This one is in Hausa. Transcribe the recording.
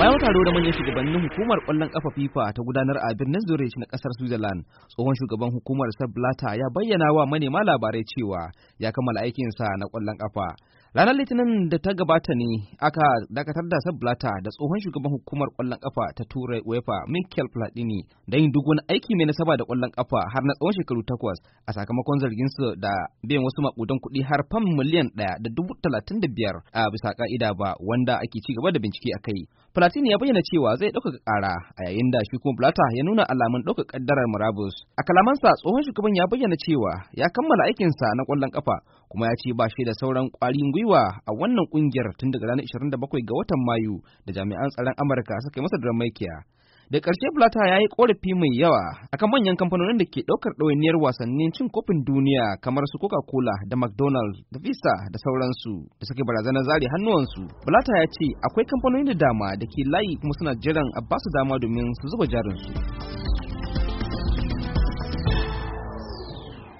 bayan taro da manyan shugabannin hukumar kwallon kafa FIFA ta gudanar a birnin Zurich na kasar Switzerland tsohon shugaban hukumar Sepp ya bayyana wa manema labarai cewa ya kammala aikinsa na kwallon kafa Ranar Litinin da ta gabata ne aka dakatar da Sabblata da tsohon shugaban hukumar kwallon kafa ta Turai UEFA Mikel Platini da yin duk wani aiki mai nasaba da kwallon kafa har na tsawon shekaru takwas a sakamakon zargin su da biyan wasu makudan kuɗi har fam miliyan ɗaya da dubu talatin da biyar a bisa ka'ida ba wanda ake ci gaba da bincike a kai. Platini ya bayyana cewa zai ɗaukaka ƙara a yayin da shi kuma Blata ya nuna alamun ɗaukar ƙaddarar murabus. A kalamansa tsohon shugaban ya bayyana cewa ya kammala aikinsa na kwallon kafa kuma ya ce ba shi da sauran ƙwarin gwiwa a wannan kungiyar tun daga ranar 27 ga watan Mayu da jami'an tsaron Amurka suka yi masa maikiya. Da ƙarshe Blatter ya yi ƙorafi mai yawa akan manyan kamfanonin da ke ɗaukar ɗawainiyar wasannin cin kofin duniya kamar su Coca-Cola da McDonald's da Visa da sauransu da suke barazanar zare hannuwansu. Blatter ya ce akwai kamfanonin da dama da ke layi kuma suna jiran a basu dama domin su zuba jarinsu.